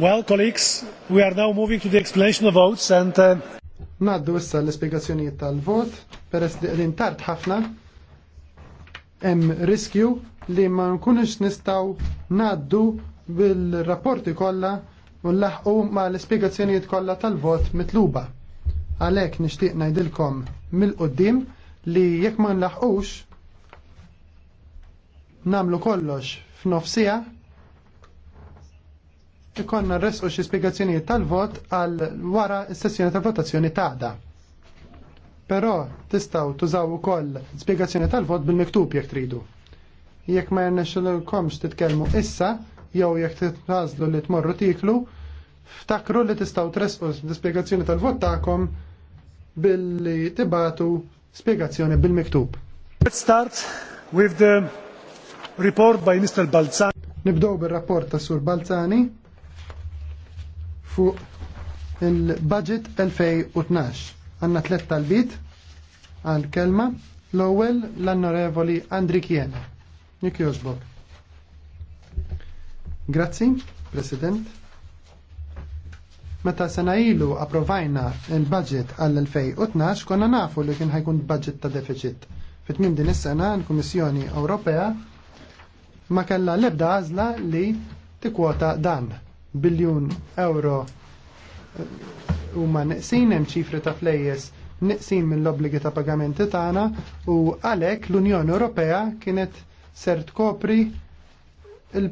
Well, colleagues, we are now moving to the explanation of votes and... Uh... Naddu issa l-espiegazzjonijiet tal-vot, peress li qegħdin tard ħafna, hemm riskju li ma nkunux nistgħu naddu bil-rapporti kollha u nlaħqu ma l-espiegazzjonijiet kollha tal-vot mitluba. Għalhekk nixtieq ngħidilkom mill-qudiem li jekk ma nlaħqux namlu kollox f'nofsija ikonna resqu xi spjegazzjonijiet tal-vot għal wara s-sessjoni tal-votazzjoni tagħda. Però tistgħu tużaw ukoll spjegazzjoni tal-vot bil-miktub jekk tridu. Jekk ma jernexxilkomx titkellmu issa jew jekk titħażlu li tmorru tiklu, ftakru li tistgħu tresqu l spiegazzjoni tal-vot tagħkom billi tibatu spjegazzjoni bil-miktub. Let's start with the report by Mr. Balzani. Nibdow bil-rapport ta' Sur Balzani fuq il-budget 2012. Għanna tlet talbit għal-kelma l-ewwel l-annorevoli Andri Kiena. Nik jożbok. Grazzi, President. Meta sena ilu approvajna il-budget għall-2012 konna nafu li kien ħajkun budget ta' deficit. Fit-tmim din is-sena l-Kummissjoni Ewropea ma kella l-ebda għażla li tikwota dan biljun euro huma neqsin hemm ċifri ta' flejjes neqsin mill-obbligi ta' pagamenti tagħna u għalhekk l-Unjoni Ewropea kienet ser tkopri l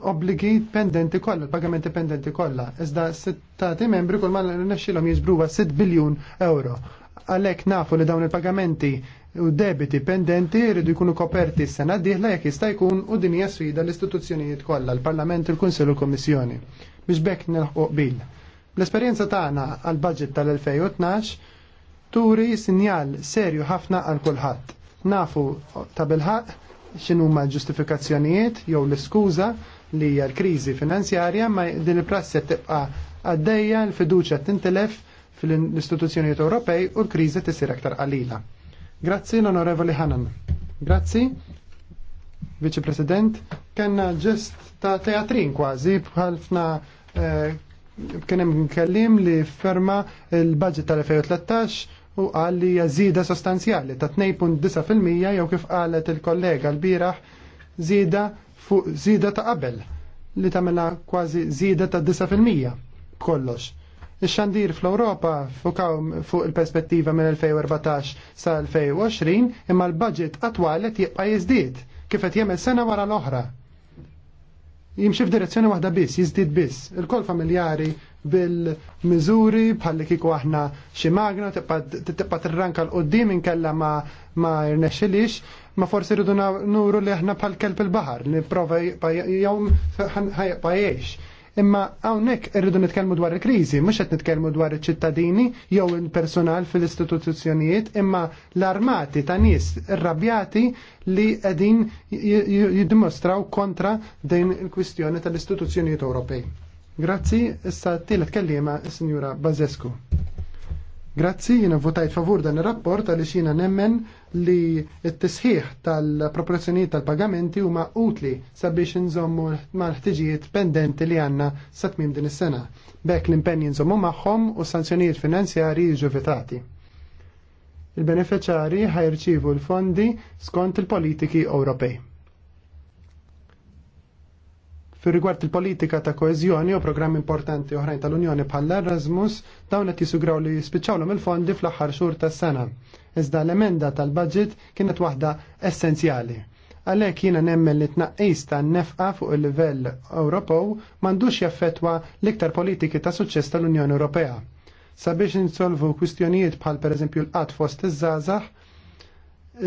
obbligi pendenti kollha, il-pagamenti pendenti kollha. Iżda sittati membri kull ma nexxilhom jiżbruha 6 biljun euro. Għalhekk nafu li dawn il-pagamenti u debiti pendenti jridu jkunu koperti s-sena diħla jekk jista' jkun u din hija sfida l-istituzzjonijiet kollha, l-Parlament, il-Kunsell u l kummissjoni Biex bekk nilħu qbil. L-esperjenza tagħna għal budget tal-2012 turi sinjal serju ħafna għal kulħadd. Nafu ta' bilħaq x'inhuma l-ġustifikazzjonijiet jew l-iskuża li hija l-kriżi finanzjarja ma din il-prassi tibqa' għaddejja l-fiduċja tintilef fil-istituzzjonijiet Ewropej u l-kriżi tisir aktar qalila. Grazzi l-Onorevoli Hanan. Grazzi, Viċi President, kena ġest ta' teatrin kważi bħalfna eh, kienem kellim li ferma il-budget tal-2013 u għalli li jazida sostanzjali ta' 2.9% jew kif qalet il-kollega l-biraħ zida fuq zida ta' qabel li tamela kważi zida ta' 9% kollox Ix-xandir fl-Ewropa fukaw fuq il-perspettiva minn 2014 sa 2020 imma l-budget attwali qed jibqa' jiżdied kif qed jagħmel sena wara l-oħra. Jimxi f'direzzjoni waħda biss, jiżdied biss. Il-kol familjari bil-miżuri bħalli kiku aħna xi magna tibqa' tirranka l qoddim inkella ma ma irnexxilix, ma forsi rridu nuru li aħna bħal kelb il-baħar, li prova jom ħajqpa jgħix Imma hawnhekk irridu nitkellmu dwar il-kriżi, mhux qed nitkellmu dwar il ċittadini jew il-personal fil-istituzzjonijiet, imma l-armati ta' nies irrabjati li qegħdin jiddimostraw kontra din il-kwistjoni tal-istituzzjonijiet Ewropej. Grazzi, issa t-tielet kellima s Bazescu. Grazzi, jina votajt favur dan il-rapport għal xina nemmen li t-tisħiħ tal-proporzjoniet tal-pagamenti huma utli sabiex nżommu mal-ħtiġijiet pendenti li għanna satmim din is-sena. Bek l-impenni nżommu magħhom u sanzjonijiet finanzjari ġuvitati. Il-beneficjari ħajrċivu l-fondi skont il-politiki Ewropej. Fir rigward il-politika ta' koezjoni u programmi importanti oħrajn tal-Unjoni bħal l-Erasmus, dawn qed jisugraw li jispiċċawlhom il-fondi fl-aħħar xhur tas-sena. Iżda l-emenda tal-budget kienet waħda essenzjali. Għalhekk jiena nemmen li tnaqqis ta' nefqa fuq il-livell Ewropew m'għandux jaffettwa l-iktar politiki ta' suċċess tal-Unjoni Ewropea. Sabiex insolvu kwistjonijiet bħal pereżempju l-qatt fost iż-żgħażagħ,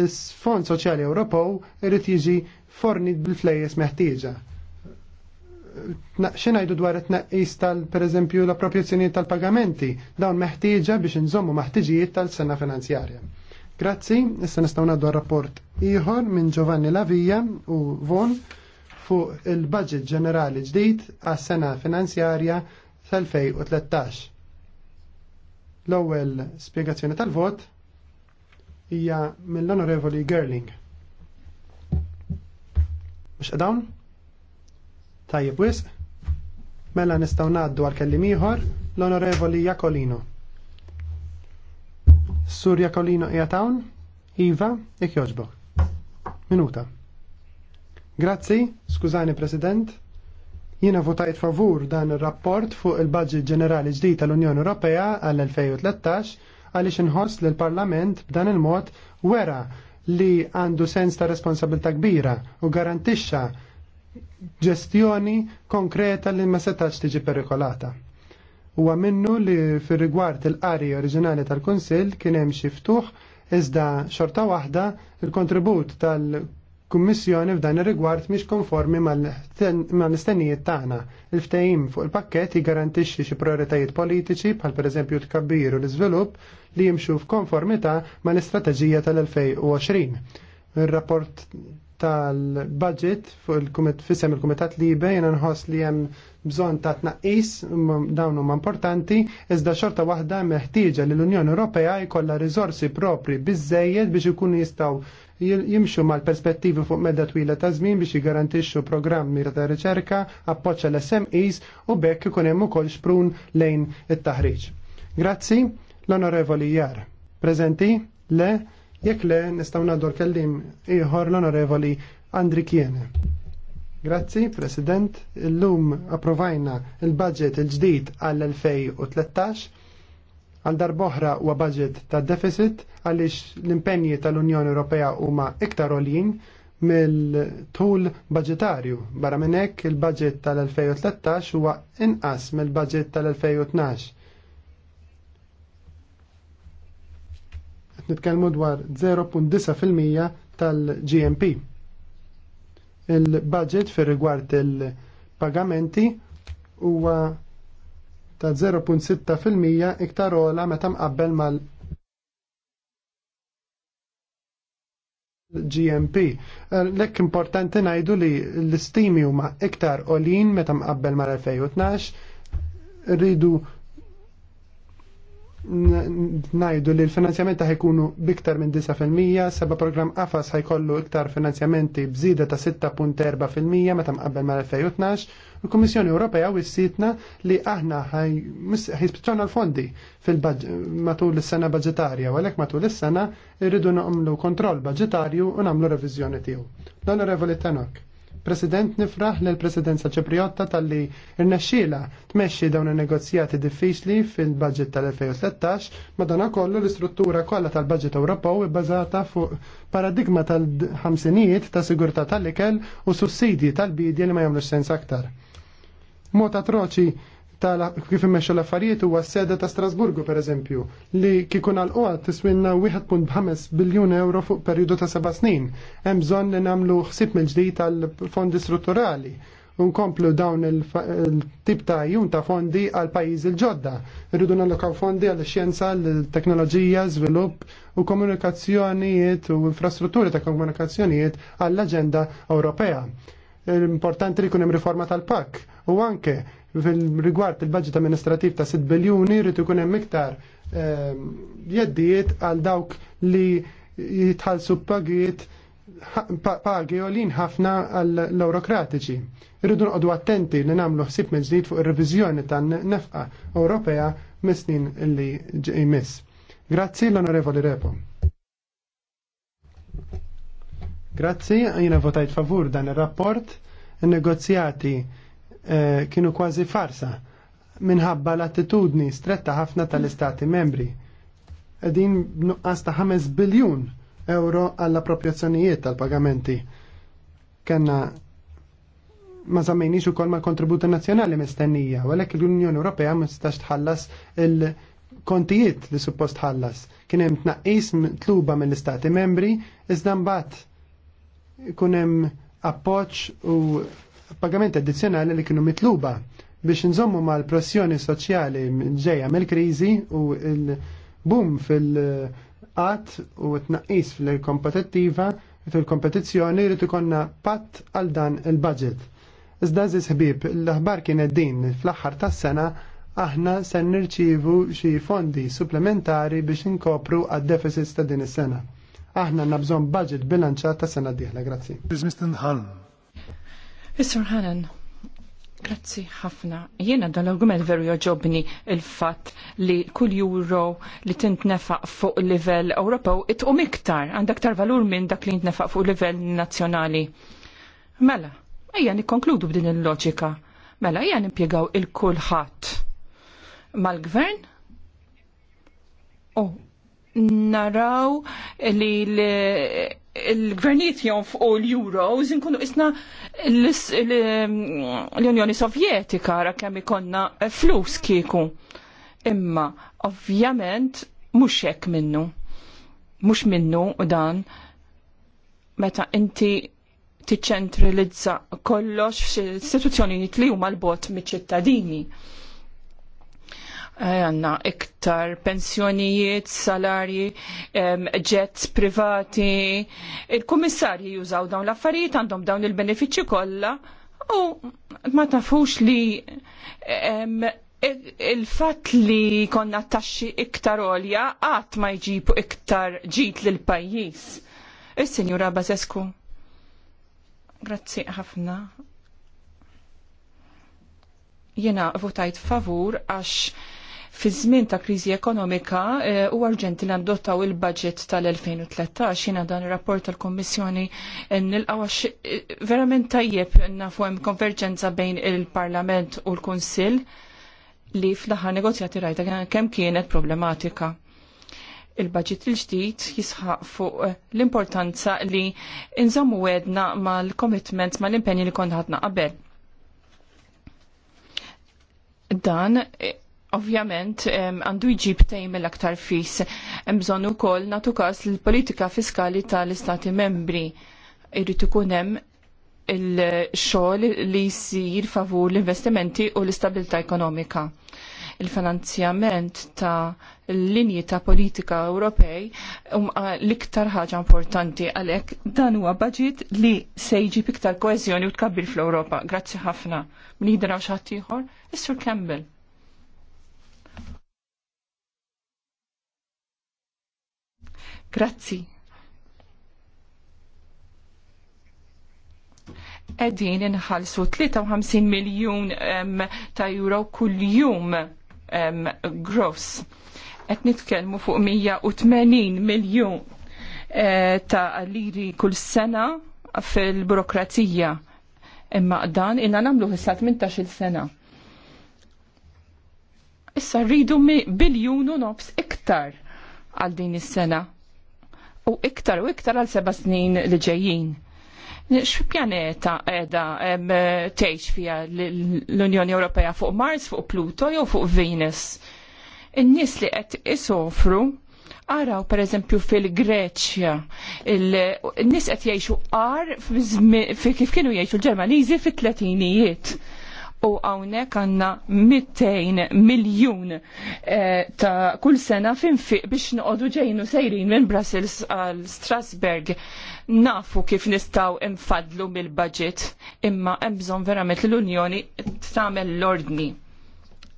is-Fond Soċjali Ewropew irid jiġi fornit bil-flejjes meħtieġa xinajdu dwar it-naqis tal pereżempju l-appropriazzjoni tal-pagamenti dawn meħtieġa biex nżommu maħtiġijiet tal-sena finanzjarja. Grazzi, issa nistgħu ngħaddu rapport ieħor minn Giovanni Lavija u Von fuq il-budget ġenerali ġdid għas-sena finanzjarja tal-2013. L-ewwel spjegazzjoni tal-vot hija mill-Onorevoli Gerling. Mux dawn? Tajjeb wisq. Mela nistgħu ngħaddu għal kellim ieħor l-Onorevoli Jakolino. Sur Jakolino qiegħed hawn? Iva, jekk jogħġbok. Minuta. Grazzi, skużani President. Jiena votajt favur dan ir-rapport fuq il-Budget Ġenerali ġdid tal-Unjoni Ewropea għall-2013 għaliex inħoss li l-Parlament b'dan il-mod wera li għandu sens ta' responsabilità kbira u garantixxa ġestjoni konkreta li ma setax tiġi perikolata. Huwa minnu li fir rigward il-qari oriġinali tal-Kunsill kien hemm xi ftuħ iżda xorta waħda il-kontribut tal-Kummissjoni f'dan ir-rigward mhix konformi mal-istennijiet tagħna. Il-ftehim fuq il-pakkett jiggarantixxi xi prioritajiet politiċi bħal pereżempju tkabbir u l-iżvilupp li jimxu f'konformità mal-istrateġija tal-2020. Il-rapport tal-budget fuq fissem il-Kumitat Libe jena nħoss li hemm bżonn ta' tnaqqis dawn huma importanti, iżda xorta waħda meħtieġa li l-Unjoni Ewropea jkollha rizorsi propri biżejjed biex ikunu jistgħu jimxu mal-perspettivi fuq medda twila ta' żmien biex jiggarantixxu programmi ta' riċerka, appoġġa l-SMEs u bekk ikun hemm ukoll xprun lejn it-taħriġ. Grazzi, l-Onorevoli Jar. Prezenti? Le? Jekk le, nistgħu ngħaddu l-kellim ieħor l-Onorevoli Andri Kiene. Grazzi, President. Illum approvajna il-budget il-ġdid għall-2013 għal darboħra huwa budget ta' deficit għaliex l-impenji tal-Unjoni Ewropea huma iktar olin mill-tul budgetarju. Barra minn hekk il-budget tal-2013 huwa inqas mill-budget tal-2012 nitkellmu dwar 0.9% tal-GMP. Il-budget fir rigward il-pagamenti huwa ta' 0.6% iktar ola meta mqabbel mal GMP. Eh, lekk importanti najdu li l-istimi huma iktar olin meta mqabbel mal-2012 rridu najdu li l-finanzjament ta' ħajkunu biktar minn 9%, seba program AFAS ħajkollu iktar finanzjamenti bżida ta' 6.4% meta mqabbel ma' 2012, il-Kummissjoni Ewropea wissitna li aħna ħajspiċċawna l-fondi matul is-sena budġetarja, u għalhekk matul is-sena irridu nagħmlu kontroll budġetarju u nagħmlu reviżjoni tiegħu. L-Onorevoli Tanok. President nifraħ l presidenza ċepriotta tal-li irnexxila tmexxi dawn il-negozjati diffiċli fil-budget tal-2013, madana kollu l-istruttura kollha tal-budget Ewropew ibbażata fuq paradigma tal-ħamsinijiet ta' sigurtà tal-ikel u sussidji tal-bidja li ma jagħmlux sens aktar. Mod troċi tala kif immexxu l-affarijiet huwa s-seda ta' Strasburgu pereżempju li kikun għal tiswinna 1.5 biljun euro fuq perjodu ta' seba' snin. Hemm bżonn li nagħmlu ħsib mill-ġdid tal-fondi strutturali unkomplu dawn il-tip ta' jun ta' fondi għal pajiz il-ġodda. Rridu nallokaw fondi għal xjenza, l-teknoloġija, żvilupp u komunikazzjonijiet u infrastrutturi ta' komunikazzjonijiet għall-Aġenda Ewropea. Importanti li kunem riforma tal-PAK u anke Fil-rigward il-budget amministrativ ta' 6 biljuni rrid ikun hemm iktar ehm, jeddijiet għal dawk li jitħallsu pagijiet pagi olin ħafna għall-eurokratiċi. Irridu noqogħdu attenti li nagħmlu ħsieb minn ġdid fuq ir-reviżjoni tan-nefqa Ewropea mis-snin li jmiss. Grazzi l-Onorevoli Repo. Grazzi, jina votajt favur dan ir rapport il-negozjati Eh, kienu kważi farsa minħabba l-attitudni stretta ħafna tal-istati membri. Edin nuqqas ta' 5 biljun euro għall-appropriazzjonijiet tal-pagamenti. Kenna ma zammejniex ukoll ma' kontributi nazzjonali mistennija, għalek l-Unjoni Ewropea ma tistax tħallas il-kontijiet li suppost tħallas. Kien hemm tnaqqis tluba mill-istati membri, iżda mbagħad kunem hemm appoġġ u pagamenti addizzjonali li kienu mitluba biex nżommu ma' l-pressjoni soċjali ġeja mill-krizi u l-boom fil-qat u t-naqis fil-kompetittiva fil-kompetizzjoni li tukonna patt għal dan il-budget. Iżda ziz ħbib, l-aħbar kien din fl-axħar tas sena aħna sen nirċivu xi fondi supplementari biex inkopru għad-deficits ta' din is-sena. Aħna nabżon budget bilanċat ta' sena diħla, grazzi. Mr. Hannan, grazzi ħafna. Jiena dal-argument veru joġobni il-fatt li kull euro li nefaq fuq livell Ewropew itqum iktar, għandak tar valur minn dak li nefaq fuq livell nazzjonali. Mela, ejja nikkonkludu b'din il-loġika. Mela, ejja nimpjegaw il-kulħadd mal-gvern u oh, naraw li l-gvernijiet jonfqu l-euros inkunu isna l-Unjoni Sovjetika ra kemm ikonna flus kieku. Imma ovvjament mhux hekk minnu. Mhux minnu dan meta inti tiċċentralizza kollox f'istituzzjonijiet li huma l-bot miċ-ċittadini Eh, għanna iktar pensjonijiet, salarji, ġets privati. Il-kummissarji jużaw dawn l-affarijiet għandhom dawn il-benefiċi kollha u ma tafux li il-fat li konna taxxi iktar olja għat ma jġibu iktar ġit l pajjiż is senjura Bazesku. Grazzi ħafna jena votajt favur għax fi żmien ta' kriżi ekonomika eh, u arġenti li adottaw il-budget tal-2013 jiena dan ir-rapport tal-Kommissjoni eh, nilqgħu għax eh, verament tajjeb nafu hemm konverġenza bejn il-Parlament u l-Kunsill li fl-aħħar negozjati rajta kemm kienet problematika il-budget il-ġdid jisħaq fuq l-importanza li nżammu għedna mal-commitment mal-impenni li konħatna ħadna qabel. Dan ovvjament għandu jġib tejm l-aktar fis. Mżon ukoll natu kas l-politika fiskali tal-Istati membri. Irrid ikun hemm il-xogħol li jsir favur l-investimenti u l-istabilità ekonomika. Il-finanzjament ta' linji ta' politika Ewropej um l-iktar ħaġa importanti għalhekk dan huwa budget li se jġib iktar koeżjoni u tkabbir fl-Ewropa. Grazzi ħafna. Min jidra xi ieħor? sur Campbell. Grazzi. Edin inħalsu 53 miljon um, ta' euro kull-jum um, gross. Et nitkelmu fuq 180 miljon uh, ta' liri kull sena fil-burokrazija. Imma dan inna namlu issa 18 sena. Issa rridu biljunu nofs iktar għal din is-sena u iktar u iktar għal seba snin li ġejjin. X'pjaneta edha tgħix fiha l-Unjoni Ewropea fuq Mars, fuq Pluto jew fuq Venus? In-nies li qed isofru Araw per eżempju fil-Greċja, n-nis qed jgħixu għar fi kif kienu jgħixu l-Ġermaniżi fit-tletinijiet u għawnek għanna 200 miljon eh, ta' kull sena fiq biex noqodu ġejnu sejrin minn Brussels għal Strasberg nafu kif nistaw infadlu mill-budget imma ebżon verament l-Unjoni tagħmel l-ordni.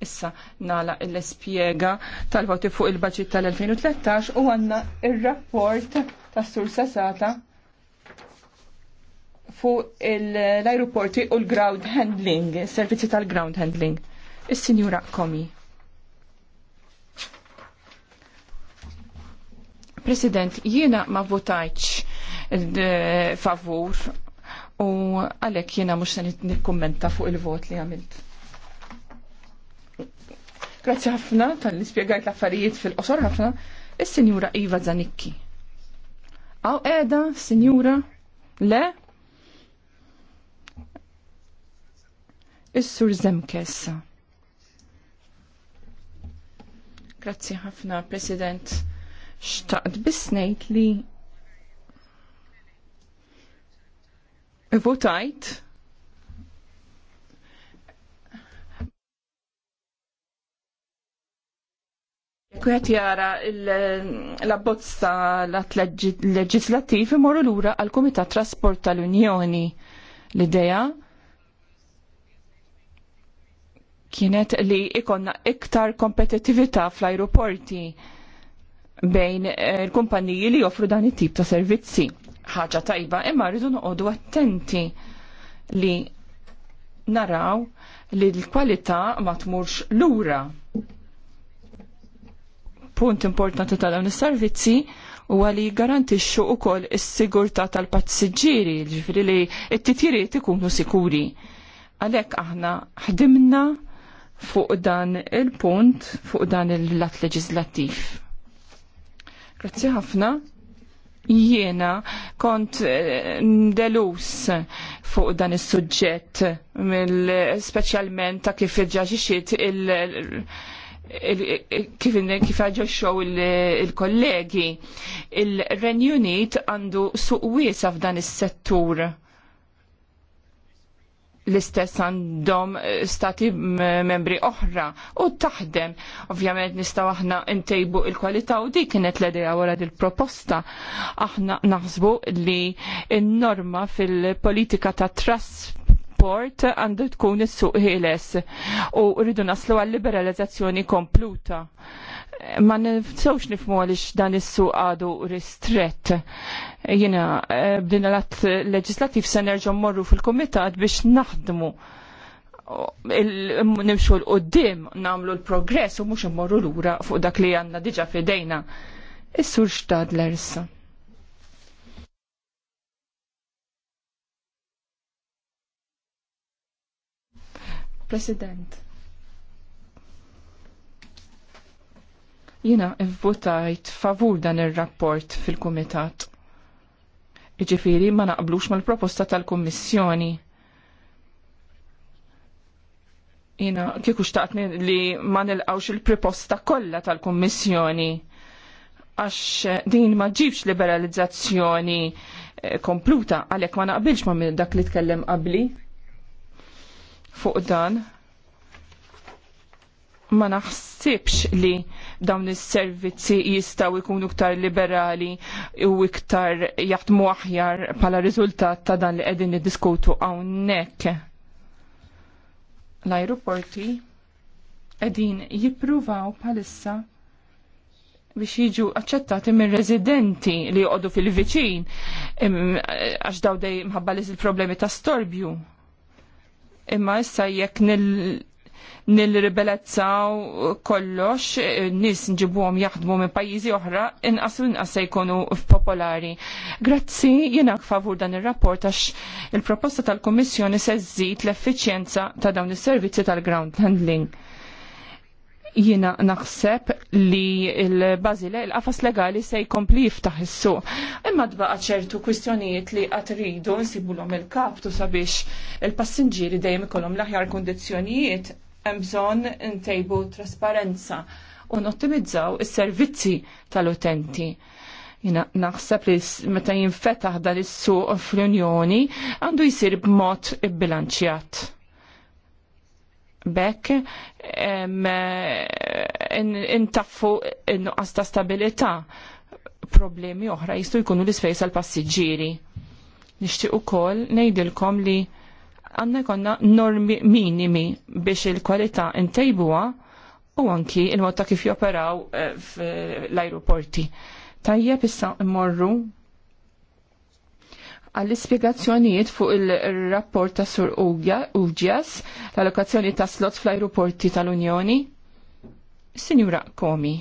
Issa nala l-espiega tal-voti fuq il-budget tal-2013 u għanna il-rapport tas-sur sasata fuq l-aeroporti u l-ground handling, servizzi tal-ground handling. Is-Sinjura Komi. President, jiena ma votajċ eh, favur u għalek jiena mux se nikkommenta fuq il-vot li għamilt. Grazzi ħafna tal-li spiegajt l-affarijiet fil-qosor ħafna, is-Sinjura Iva Zanikki. Għaw edha, Sinjura, le, Is-Sur Zemkes. Grazzi ħafna, President. Xtaqt bisnejt li votajt Kwiet jara l-abbozza l-att moru imorru l-ura għal-Komitat Trasport tal-Unjoni. L-ideja kienet li ikonna iktar kompetitività fl ajruporti bejn il-kumpaniji eh, li joffru dan it-tip ta' servizzi. Ħaġa tajba, imma rridu noqogħdu attenti li naraw li l-kwalità ma tmurx lura. Punt importanti ta' dawn is-servizzi huwa li jiggarantixxu wkoll is-sigurtà tal-passiġġieri, ġifieri li t-titjiriet ikunu sikuri. Għalhekk aħna ħdimna fuq dan il-punt, fuq dan il-lat leġislattiv. Grazzi ħafna. Jiena kont eh, delus fuq dan is-suġġett specialment speċjalment ta' kif ġaġiċiet il-, kif kif il-kollegi, il-Renjunit għandu suq wiesa f'dan is-settur l-istess għandhom eh, stati membri oħra u taħdem. Ovvjament nistaw aħna ntejbu il-kwalità u dik kienet l-idea wara dil-proposta. Aħna naħsbu li n-norma fil-politika ta' trasport għandu tkun is-suq ħieles u rridu naslu għal-liberalizzazzjoni kompluta ma nifsewx nifmu għalix dan is-suq għadu ristret Jiena eh, b'din l-att leġislattiv se nerġa' morru fil-kumitat biex naħdmu nimxu l-qoddim namlu l-progress u mhux immorru lura fuq dak li għandna diġà fidejna. Is-sur Stadlers. President. Jina votajt favur dan il-rapport fil-Kumitat. Iġifiri ma naqblux mal-proposta tal-Kommissjoni. Jina, kieku xtaqtni li ma nilqawx il-proposta kollha tal-Kommissjoni għax din ma ġibx liberalizzazzjoni eh, kompluta għalek ma naqbilx ma dak li tkellem qabli fuq dan ma naħsibx li dawn is-servizzi jistgħu jkunu iktar liberali u iktar jaħdmu aħjar bħala riżultat ta' dan li qegħdin niddiskutu hawnhekk. L-ajruporti qegħdin jippruvaw bħalissa biex jiġu aċċettati minn residenti li joqogħdu fil-viċin għax daw dej mħabba il-problemi ta' storbju. Imma issa jekk nil nil-ribelezzaw kollox, nis nġibuhom jaħdmu minn pajjiżi oħra, inqas inqas se jkunu popolari. Grazzi jiena favur dan ir-rapport għax il-proposta tal-Kummissjoni se żżid l-effiċjenza ta' dawn is-servizzi tal-ground handling. Jiena naħseb li l-Bazile, il qafas legali se jkompli jiftaħ is Imma tbaqa' ċertu kwistjonijiet li qatt ridu nsibulhom il-kaptu sabiex il-passinġieri dejjem ikollhom l-aħjar kundizzjonijiet hemm bżonn ntejbu trasparenza u nottimizzaw is-servizzi tal-utenti. Jina naħseb li meta jinfetaħ dan is-suq fl-Unjoni għandu jsir b'mod ibbilanċjat. Bekk intaffu in nuqqas ta' stabilità problemi oħra jistgħu jkunu l isfejsa għal passiġġieri. Nixtieq ukoll ngħidilkom li għanna jkonna normi minimi biex il-kwalità intejbuha u anki il-mod ta' kif joperaw eh, l-aeroporti. Tajjeb issa mmorru. għall-ispiegazzjonijiet fuq il-rapport ta' Sur Uġjas, l-allokazzjoni ta' slot fl-aeroporti tal-Unjoni. Sinjura Komi.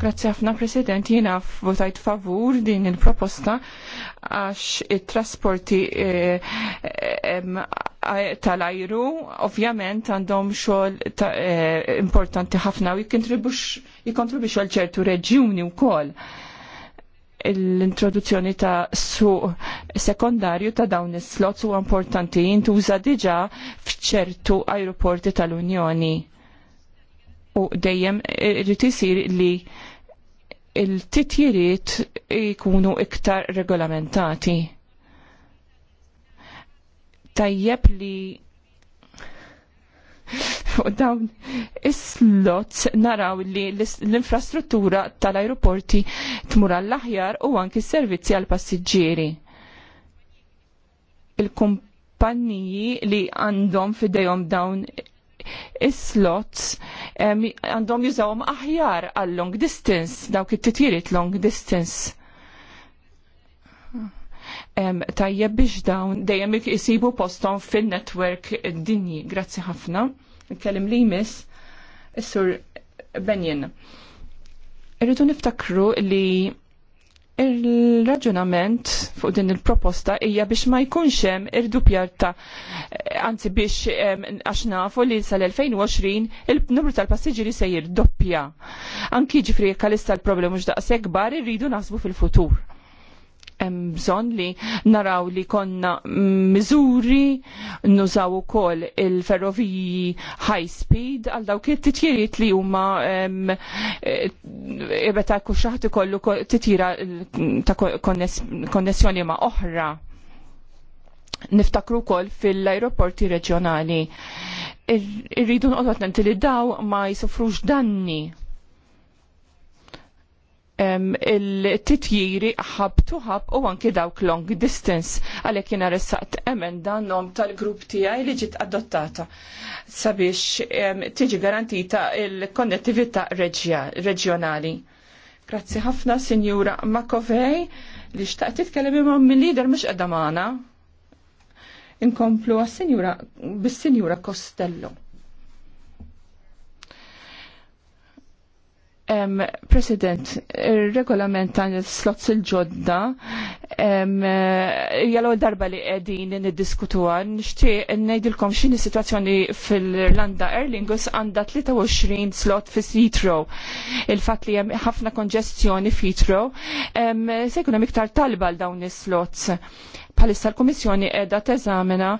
Grazzi ħafna President, jiena votajt favur din il-proposta għax il trasporti e, e, tal-ajru ovvjament għandhom xogħol e, importanti ħafna u jikontribux għal ċertu reġjuni wkoll l-introduzzjoni ta' suq sekondarju ta' dawn is-slots huwa importanti jintuża diġà f'ċertu ajruporti tal-Unjoni u dejjem irrid isir li il-titjiriet jkunu iktar regolamentati. Tajjeb li u dawn is-slots naraw li l-infrastruttura tal-aeroporti tmur għall-aħjar u anki s-servizzi għall-passiġġieri. Il-kumpanniji li għandhom fidejhom dawn is-slots għandhom jużawhom aħjar għal long distance, dawk it-titjiriet long distance. Tajjeb biex dawn dejjem isibu postom fil network dinji. Grazzi ħafna. Kellim li jmiss is-sur Benjen. Irridu niftakru li il-raġunament fuq din il-proposta hija biex ma jkunx hemm irdupjar ta' eh, anzi biex għax nafu li sal-2020 il-numru tal-passiġġieri se jirdoppja. Anki ġifri kalista l-problema mhux daqshekk kbar irridu naħsbu fil-futur hemm bżonn li naraw li konna miżuri nużaw ukoll il-ferroviji high speed għal dawk it-titjiriet li huma eh, e, meta kull xaħat ikollu titjira ta' konnessjoni ma' oħra. Niftakru wkoll fil-aeroporti reġjonali. Irridu nqodot li daw ma jsofrux danni il-titjiri ħab tuħab u anki dawk long distance għalek jena ressaqt emenda nom tal-grupp tijaj li ġit adottata sabiex tiġi garantita il-konnettivita reġjonali. Grazzi ħafna, Sinjura Makovej, li xtaqt titkellem imam mill-lider mux għadamana. Inkomplu għas-Sinjura, bis-Sinjura Costello. Um, President, il-regolament ta' slots il-ġodda, um, jgħal darba li għedin għan, diskutuwa n nejdilkom xini situazzjoni fil-Irlanda Erlingus għanda 23 slot fi Heathrow. Il-fat li jem ħafna konġestjoni f'itro um, se jkun iktar talba għal dawn is-slots palissa l-Komissjoni edha teżamina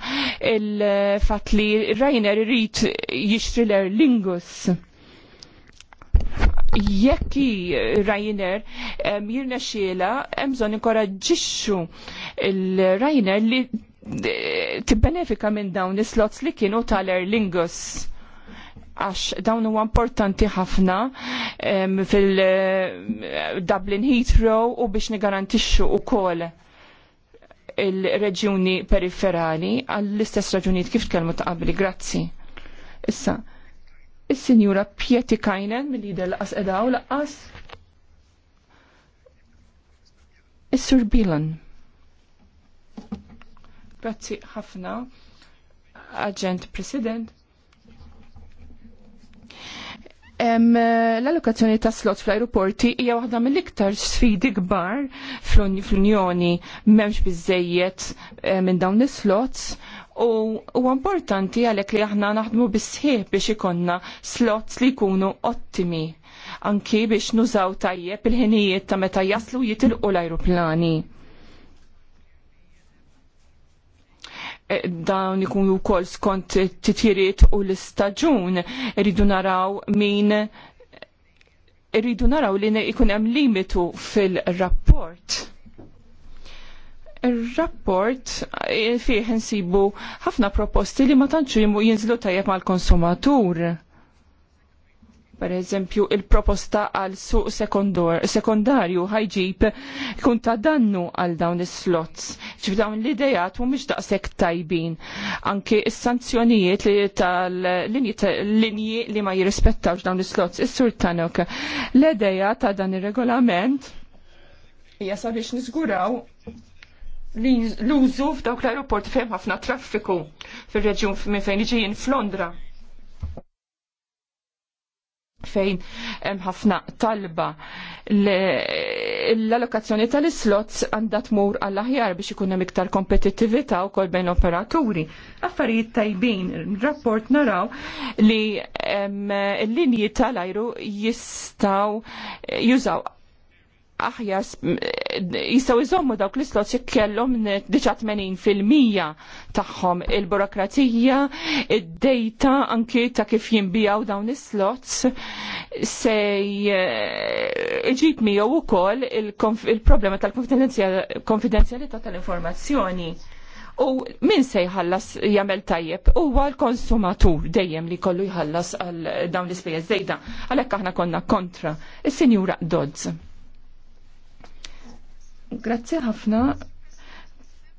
il-fat li Rainer rrit jixtri l-Erlingus jekki Rajner jirna xiela emżon inkoraġġixxu il-Rajner li tibbenefika minn dawn is-slots li kienu tal Lingus għax dawn huwa importanti ħafna fil-Dublin Heathrow u biex nigarantixxu ukoll il-reġjuni periferali għall-istess raġunijiet kif tkellmu ta' qabli. Grazzi. Issa, il sinjura Pieti Kajnen mill-lider laqas edaw laqas. il sur Bilan. Grazzi ħafna, Agent President L-allokazzjoni ta' slot fl-aeroporti hija waħda mill-iktar sfidi kbar fl-Unjoni m'hemmx biżejjed eh, minn dawn is-slots u huwa importanti għalhekk li aħna naħdmu bis-sħiħ biex ikonna slots li jkunu ottimi anki biex nużaw tajjeb il-ħinijiet ta' meta jaslu jitilqu l-ajruplani Eh, dawn ikunu wkoll skont titjiriet u l-istaġun rridu naraw min rridu naraw li ikun hemm limitu fil-rapport. Ir-rapport eh, fih insibu ħafna proposti li ma tantx jinżlu tajjeb mal-konsumatur Per eżempju, il-proposta għal suq sekondarju ħajġib kun ta' dannu għal dawn is-slots. ċif dawn l-idejat u miex daqsek tajbin. Anki s-sanzjonijiet li tal-linji li ma jirrispettawx dawn is-slots. Is-sur Tanok, l-ideja ta' dan ir-regolament hija sabiex niżguraw li l-użu f'dawk l-aeroport fejn ħafna traffiku fir-reġjun minn fejn iġi f'Londra fejn hemm ħafna talba l-allokazzjoni tal-islots għandha tmur għall aħjar biex ikun hemm iktar kompetittività wkoll bejn operaturi. Affarijiet tajbin, rapport naraw li l-linji tal-ajru jistgħu jużaw aħjar jistaw iżommu dawk l-islots kellhom diġa 80% tagħhom il-burokrazija, id-data anki ta' kif jinbijaw dawn is-slots se iġib miegħu wkoll il-problema tal-konfidenzjalità tal-informazzjoni. U min se jħallas jagħmel tajjeb? Huwa l-konsumatur dejjem li kollu jħallas għal dawn l-ispejjeż żejda. Għalhekk aħna konna kontra. Is-Sinjura Dodds. Grazzi ħafna.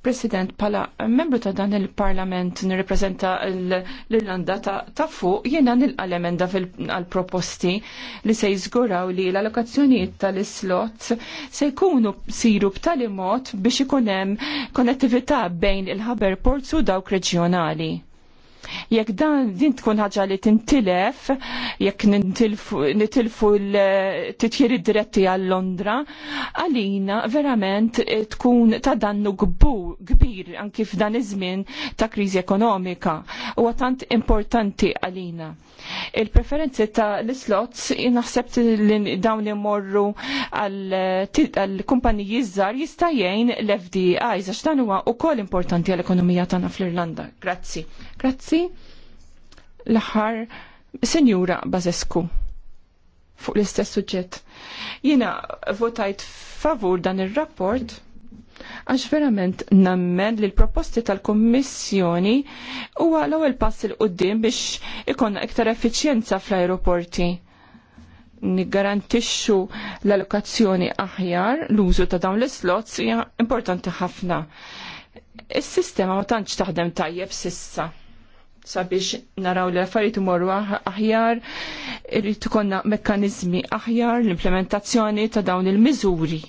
President, pala membru ta' dan il-parlament nirrepreżenta l-Irlanda ta' fuq jiena nilqa l-emenda għal-proposti li se jizguraw li l-allokazzjonijiet tal-islot se jkunu siru b'tali mod biex ikun hemm konnettività bejn il-ħaber ports u dawk reġjonali. Jekk dan din tkun ħaġa li tintilef, jekk nitilfu l-titjiri diretti għal Londra, għalina verament eh, tkun ta' dannu kbir anki f'dan iż-żmien ta' kriżi ekonomika. U tant importanti għalina. Il-preferenzi ta' l-slots naħseb li dawn imorru għal kumpaniji żgħar jista' jgħin l-FDI, għax dan huwa wkoll importanti għall-ekonomija tagħna fl-Irlanda. Grazzi. Grazzi. Bazzi L-aħħar senjura Bazescu fuq l-istess suġġett. Jiena votajt favur dan ir-rapport għax verament nammen li l-proposti tal-Kommissjoni huwa l-ewwel pass il qudiem biex ikonna iktar effiċjenza fl-aeroporti. Niggarantixxu l-allokazzjoni aħjar, l-użu ta' dawn l-slots hija importanti ħafna. Is-sistema ma tantx taħdem tajjeb sissa sabiex naraw li affarijiet imorru aħjar, irrid ikonna mekkaniżmi aħjar l-implementazzjoni ta' dawn il-miżuri.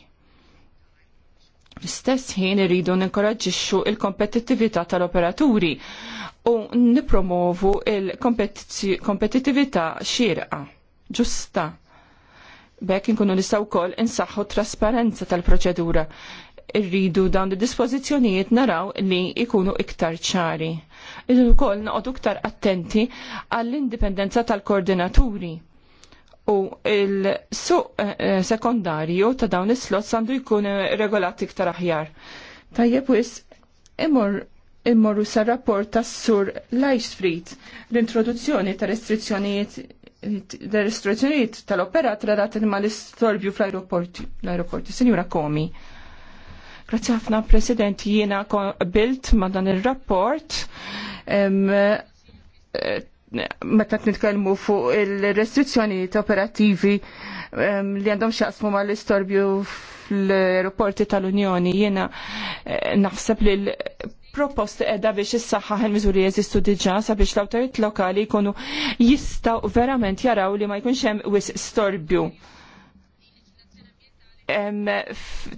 Fl-istess ħin irridu ninkoraġġixxu il-kompetittività tal-operaturi u nipromovu il-kompetittività xierqa, ġusta. Bekk inkunu nistgħu wkoll insaħħu trasparenza tal-proċedura rridu dawn id-dispożizzjonijiet naraw li ikunu iktar ċari. Irridu ukoll noqogħdu iktar attenti għall-indipendenza tal-koordinaturi u il-suq eh, eh, sekondarju ta' dawn is-slots għandu jkun eh, regolat iktar aħjar. Tajjeb wis imur immorru sar rapport tas sur Life Street l-introduzzjoni ta' restrizzjonijiet restrizzjonijiet tal-operat relatin ma l-istorbju fl-aeroporti. Signora Komi. Grazzi ħafna President, jiena bilt ma dan il-rapport. Eh, meta nitkellmu fuq il-restrizzjonijiet operattivi li għandhom xaqsmu ma l-istorbju fl-aeroporti tal-Unjoni, jiena eh, naħseb li proposti edha biex is-saħħaħ il-miżuri jeżistu diġà sabiex l-awtorit lokali jkunu jistgħu verament jaraw li ma jkunx hemm wis storbju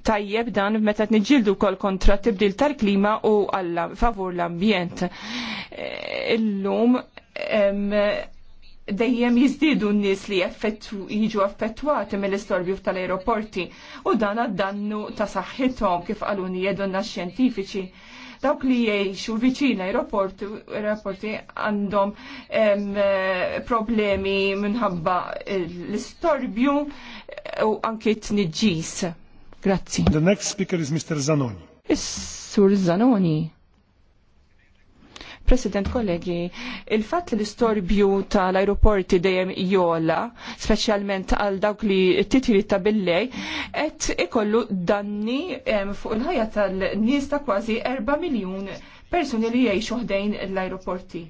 tajjeb dan meta tniġildu kol kontra tibdil tal-klima u għalla favur l-ambjent. E, illum dejjem jizdidu n-nis li jiġu affettwati mill-istorbju tal-aeroporti u dan għad-dannu ta' saħħithom kif għaluni jedunna xjentifiċi dawk li jiexu viċin aeroporti għandhom eh, problemi minħabba l-istorbju eh, u anke t-nġis. Grazzi. The next speaker is Mr. Zanoni. Is-Sur Zanoni. President kollegi, il-fatt li l-istorbju tal-aeroporti dejjem jola, speċjalment għal dawk li titiri ta' billej, et ikollu danni fuq il-ħajja tal-nies ta' kważi 4 miljun persuni li jgħixu ħdejn l-aeroporti.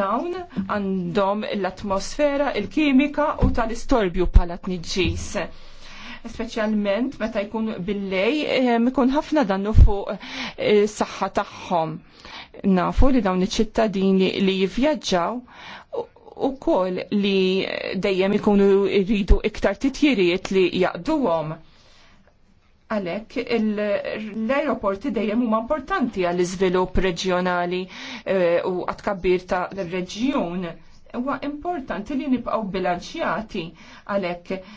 Dawn għandhom l-atmosfera, il-kimika u tal-istorbju palat tniġġis specialment meta jkun billej ikun ħafna dannu fuq is-saħħa eh, tagħhom nafu li dawn iċ-ċittadini li jivvjaġġaw u kol li dejjem ikunu jridu iktar titjiriet li jaqduhom. Għalek, l-aeroporti dejjem huma importanti għall iżvilupp reġjonali eh, u għatkabbir ta' reġjun. Huwa importanti li nibqgħu bilanċjati għalhekk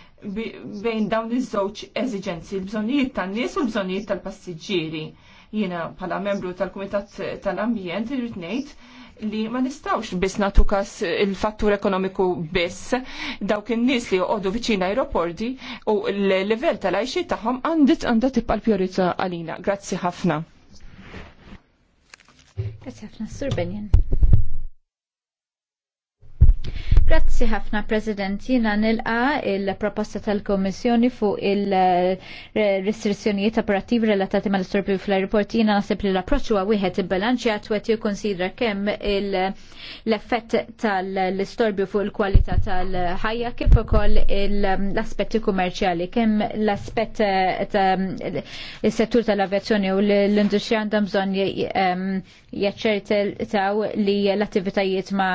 bejn dawn iż-żewġ eżiġenzi, l-bżonnijiet tan-nies u l-bżonnijiet tal-passiġġieri Jiena bħala membru tal-Kumitat tal-Ambjent irrid ngħid li ma nistawx biss natu kas il-fattur ekonomiku biss dawk in-nies li joqogħdu viċin aeroporti u l-livell tal-għajxi tagħhom għandit għandha tibqa' l-pjorità għalina. Grazzi ħafna. Grazzi ħafna, Sur Benjen. Grazzi ħafna President, jina nilqa il-proposta tal-Komissjoni fuq il-restrizzjonijiet operativi relatati mal-istorbi fl-aeroport. Jina nasib li l-approċċu huwa wieħed ibbilanċjat wet jikkonsidra kemm l-effett tal-istorbju fuq il-kwalità tal-ħajja kif ukoll l-aspetti kummerċjali, kemm l-aspett tas-settur tal-avjazzjoni u l-industrija għandhom bżonn jaċċertaw li l-attivitajiet ma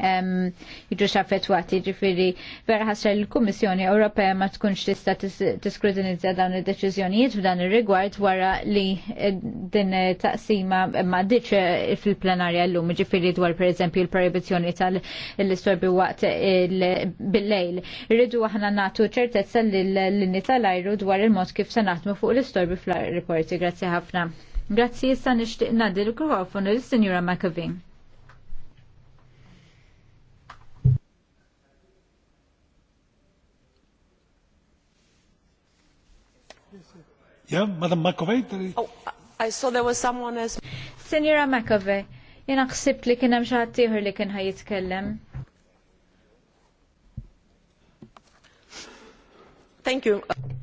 jiġu xaffetwati ġifiri vera ħasra l-Kummissjoni Ewropea ma tkunx tista tiskrutinizza dawn id-deċiżjonijiet f'dan ir-rigward wara li eh, din eh, taqsima ma diċ eh, fil-plenarja l-lum ġifiri dwar eżempju l-proibizzjoni tal-istorbi waqt bil-lejl. Irridu aħna nagħtu ċertezza l-linni tal-ajru dwar il-mod kif se naħdmu fuq l-istorbi fl-reporti. Grazzi ħafna. Grazzi issa nixtieq nagħdi l-mikrofonu lis-Sinjura McAvin. Madam McAvey? Oh, I saw there was someone else. Senjora McAvey, jena xsibt li kienem xaħtiħur li kien ħajitkellem. Thank you.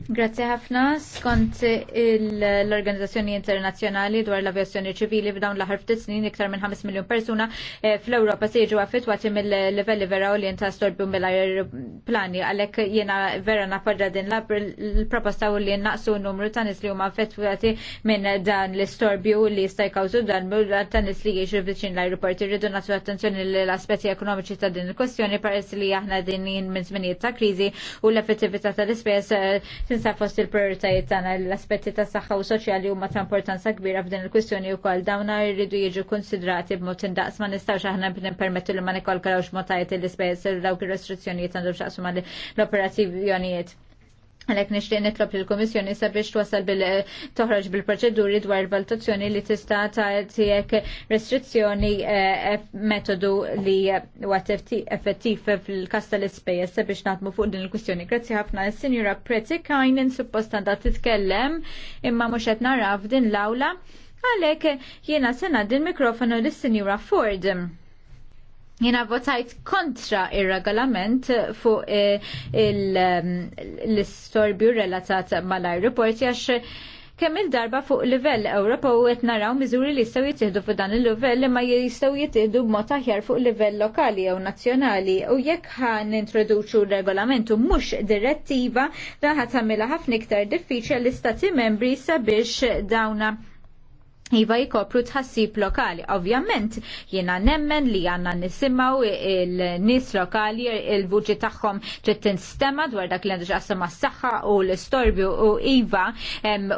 Grazie ħafna. Skont l-Organizzazzjoni Internazzjonali dwar l-Avjazzjoni Ċivili f'dawn l-aħħar ftit snin iktar minn 5 miljun persuna eh, fl-Ewropa se jiġu affettwati mill-livelli vera u li jenta storbju mill-aeroplani għalhekk jiena vera nappoġġa din l-proposta u li naqsu n-numru ta' nies li huma affettwati minn dan l-istorbju li jista' kawzu dan ta' nies li jiġu viċin l-ajruporti. Rridu nagħtu attenzjoni l-aspetti ekonomiċi ta' din il-kwestjoni pares li aħna din minn żminijiet ta' kriżi u l-effettività tal ispes eh, tinsab fost il-prioritajiet tagħna l-aspetti ta' saħħa u soċjali huma ta' importanza kbira f'din il-kwistjoni wkoll dawn jridu jiġu konsidrati b'mod indaqs ma nistgħux aħna nippermettu li ma nikkalkulawx mod tajjeb l-ispejjeż dawk ir-restrizzjonijiet għandhom x'aqsu mal-operazzjonijiet Għalek nishtiq nitlob il-Komissjoni sabiex twasal bil toħroġ bil-proċeduri dwar il-valutazzjoni li tista' tagħtik restrizzjoni eh, metodu li waqt effettiv fil-kas tal-ispejjeż sabiex naħdmu fuq din il-kwistjoni. Grazzi ħafna is-Sinjura Prezi Kajnin għandha titkellem imma mhux qed nara din l-awla. Għalek jiena sena din mikrofonu lis-Sinjura Ford. Jina votajt kontra il-regolament fuq eh, ehm, l-istorbju relatat mal-aeroporti għax kemm il-darba fuq livell Ewropa u qed naraw miżuri li jistgħu jittieħdu fuq dan il-livell li ma jistgħu jittieħdu b'mod aħjar fuq livell lokali jew nazzjonali u jekk ħan introduċu regolamentu mhux direttiva dan ħadd tagħmilha ħafna iktar diffiċli l-istati membri sabiex dawna Iva jikopru tħassib lokali. Ovvjament, jiena nemmen li għanna nisimaw il-nis lokali, il-vuġi tagħhom trid tinstema dwar dak li għandu xaqsam s-saxħa u l-istorbju u Iva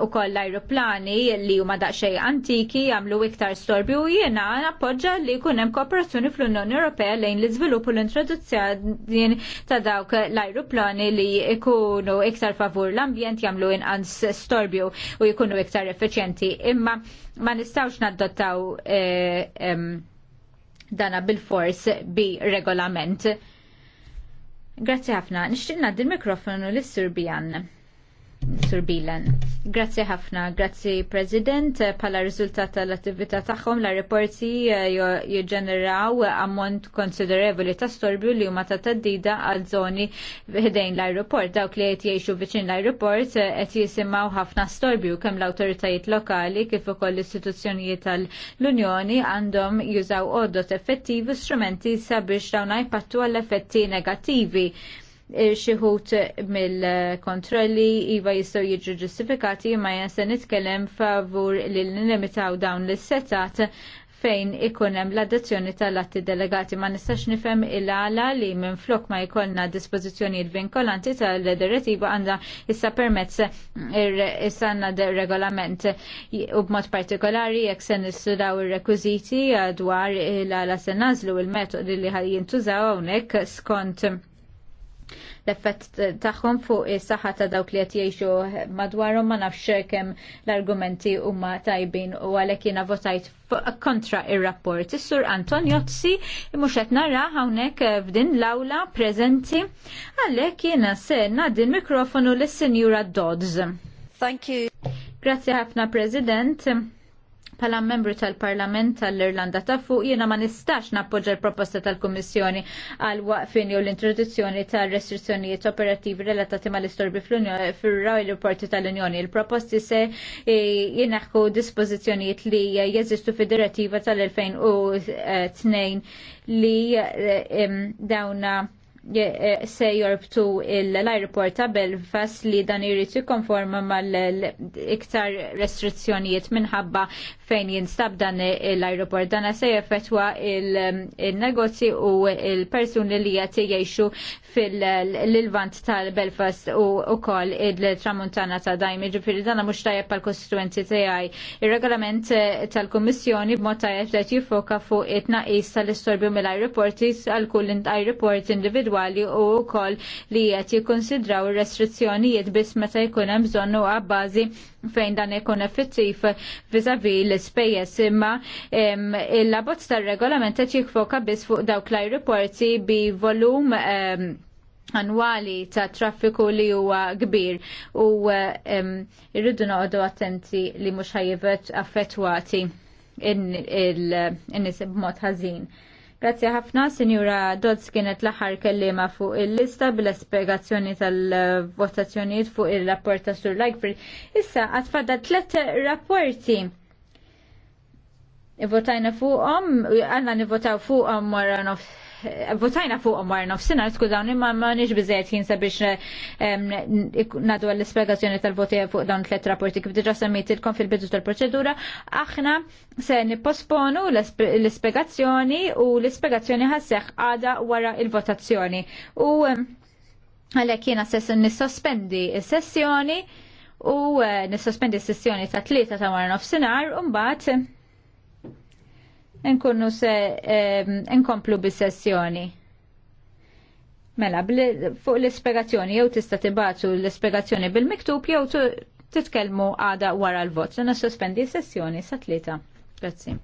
u koll l-aeroplani li huma daqsxej antiki għamlu iktar storbju u jiena appoġġa li jkun hemm kooperazzjoni fl-Unjoni Ewropea lejn l-iżvilupp u l-introduzzjoni ta' dawk l-aeroplani li jkunu iktar favur l-ambjent jagħmlu inqas storbju u jkunu iktar effiċjenti. Imma ma nistawx naddottaw eh, em, dana bil-fors bi regolament. Grazie ħafna. Nishtinna din mikrofonu l-Sir Bijan. Sur Bilan. Grazzi ħafna, grazzi President. Pala rizultat tal-attività tagħhom la reporti eh, jiġġeneraw ammont konsiderevoli ta' storbju li huma ta' taddida għal żoni ħdejn l-aeroport. Dawk li qed jgħixu viċin l-aeroport eh, qed jisimgħu ħafna storbju kemm l-awtoritajiet lokali kif ukoll l-istituzzjonijiet tal-Unjoni għandhom jużaw għodot effettivi strumenti sabiex dawn jpattu għall effetti negattivi. E, xieħut mill-kontrolli iva jistaw jiġu ġustifikati ma jensa nitkellem favur li l nimitaw dawn l-setat fejn ikunem l-adozzjoni tal-atti delegati ma nistax nifem il-għala li minn flok ma jkollna dispozizjoni vinkolanti tal-direttiva għanda issa permezz issa għanna regolament u b'mod partikolari jek se nistudaw il-rekwiziti dwar il-għala se nazlu il-metodi li ħal jintużaw għonek skont l-effett tagħhom fuq is-saħħa ta' dawk li qed jgħixu madwarhom ma nafx kemm l-argumenti huma tajbin u għalhekk jiena votajt kontra ir-rapport. Is-Sur Anton Jozzi mhux qed nara hawnhekk f'din l-awla preżenti għalhekk jiena se din mikrofonu lis-Sinjura Dodds. Thank you. Grazie ħafna President. Pala membru tal-Parlament tal-Irlanda ta' fuq jiena ma nistax nappoġġa l-proposta tal-Kummissjoni għal waqfin jew l-introduzzjoni tal-restrizzjonijiet operattivi relatati mal istorbi fl-Unjoni fir-raw il porti tal-Unjoni. Il-proposti se e, jienaħku dispożizzjonijiet li jeżistu fid-direttiva tal-2002 li e, dawna e, se jorbtu l-aeroport ta' Belfast li dan irrid jikkonforma mal-iktar restrizzjonijiet minħabba fejn jinstab dan l-aeroport. Dan se jeffettwa il-negozji u il-persuni li jati jiexu fil-vant tal-Belfast u ukoll il-tramuntana ta' dajmi. Ġifiri dan mux tajab pal-kostituenti tijaj. Il-regolament tal-Kommissjoni b'mod tajab li jifoka fuq it-naqis tal-istorbju mill-aeroporti għal-kull aeroport individuali u ukoll li jati jikonsidraw restrizzjonijiet bis meta jkun hemm bżonn u għabbażi fejn dan ikun effettiv vis-a-vis l-ispejjeż imma il-labozz tar-regolament qed jikfoka biss fuq dawk l-ajruporti bi volum annwali ta' traffiku li huwa kbir u irridu noqogħdu attenti li mhux ħajjibet affettwati in-nies b'mod ħażin. Grazzi ħafna, Sinjura Dodds kienet l-aħħar kellima fuq il-lista bil-espiegazzjoni tal-votazzjonijiet fuq il-rapport ta' Sur Lightfield. Issa, għatfadda tlet rapporti votajna fuqhom, għanna nivotaw fuqhom wara nof votajna fuqhom wara nofsina, skużawni ma nix biżejjed jinsa biex nagħdu l-ispjegazzjoni tal-voti fuq dawn tliet rapporti kif diġà semmejtilkom fil-bidu tal-proċedura, aħna se nipposponu l-ispjegazzjoni u l-ispjegazzjoni ħasseħ għada wara il-votazzjoni. U għalhekk jiena se nissospendi s-sessjoni u nissospendi s-sessjoni ta' tlieta ta' wara nofsinhar u mbagħad nkunnu se nkomplu bis-sessjoni. Mela, fuq l ispegazzjoni jew tista' tibatu l ispegazzjoni bil-miktub jew titkellmu għada wara l-vot. Nana sospendi s-sessjoni sa' tlieta. Grazzi.